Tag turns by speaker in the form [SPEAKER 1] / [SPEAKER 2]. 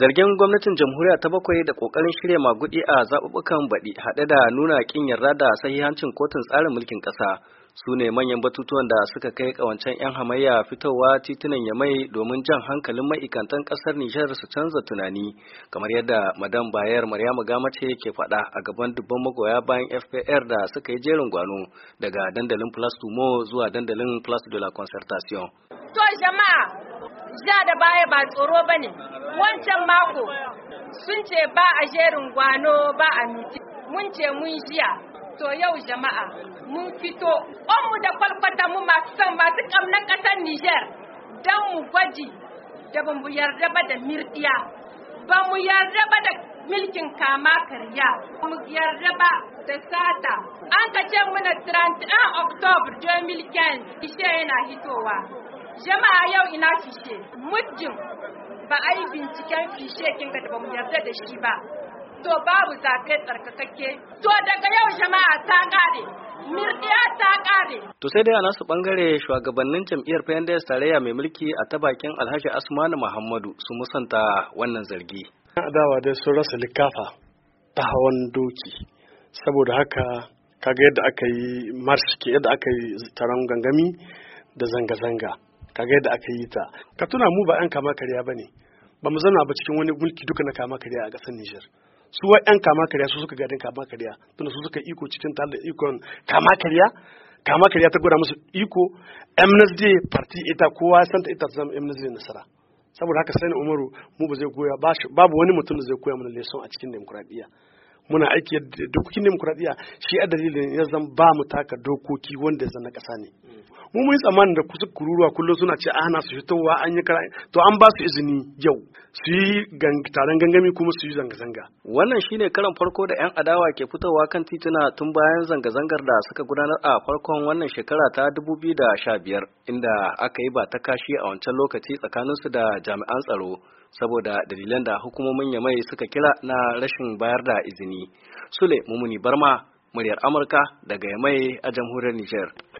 [SPEAKER 1] zargin gwamnatin jamhuriya ta bakwai da kokarin shirya magudi a zaɓuɓɓukan baɗi haɗe da nuna ƙin yarda da sahihancin kotun tsarin mulkin ƙasa su ne manyan batutuwan da suka kai ƙawancen 'yan hamayya fitowa titunan ya mai, domin jan hankalin ma'aikatan ƙasar nijar su canza tunani kamar yadda madam bayar maryamu gamace ke faɗa a gaban dubban magoya bayan fpr da suka yi jerin gwano daga dandalin plus tumo zuwa dandalin plus de la concertation
[SPEAKER 2] to jama'a jiya da baya ba tsoro ba ne. wancan mako sun ce ba a jerin gwano ba a miti mun ce mun jiya to yau jama'a mun fito mu da kwalkwata mu masu son masu kamnan ƙasar Nijar don mu gwaji da ba mu yarda ba da mirdiya ba mu yarda ba da milkin kama karya ba mu yarda ba da sata an ka ce muna 31 october 2015 ishe yana hitowa jama'a yau ina fice, mujjin. ba a yi binciken fishe kin ga da ba yarda da shi ba to babu zakai tsarkakakke to daga yau jama'a ta kare murdiya ta kare
[SPEAKER 1] to sai dai a nasu bangare shugabannin jam'iyyar PNDS tarayya mai mulki a ta bakin Alhaji Asmanu Muhammadu su musanta wannan zargi
[SPEAKER 3] adawa dai sun rasa likafa ta hawan doki saboda haka kaga yadda aka yi marshi ke yadda aka yi taron gangami da zanga-zanga kaga yadda aka yi ta ka tuna mu ba 'yan kama karya ba ne ba mu zana ba cikin wani mulki duka na kama karya a ƙasar Nijar. Su wa 'yan kama karya su suka gadin kama karya tunda su suka iko cikin tare da ikon kama karya kama karya ta gwada musu iko MNSD parti ita kowa santa ita zama MNSD nasara. Saboda haka sai Umaru mu ba zai goya babu wani mutum da zai koya mana leson a cikin demokuraɗiyya. muna aiki dokokin demokuraɗiyya shi a dalilin ya zan ba mu taka dokoki wanda zan na ƙasa ne mu mun tsammanin da kusa kururuwa kullum suna ce ana ah, su fitowa an yi kara to an ba su izini yau su yi taron gangami kuma su yi zanga-zanga
[SPEAKER 1] wannan shine karan farko da 'yan adawa ke fitowa kan tituna tun bayan zanga-zangar da suka gudanar a farkon wannan shekara ta da 2015 inda aka yi ba ta kashi a wancan lokaci tsakaninsu da jami'an tsaro saboda dalilan da hukumomin yamai suka kira na rashin bayar da izini sule mumuni barma muryar amurka daga yamai a jamhuriyar Nijar.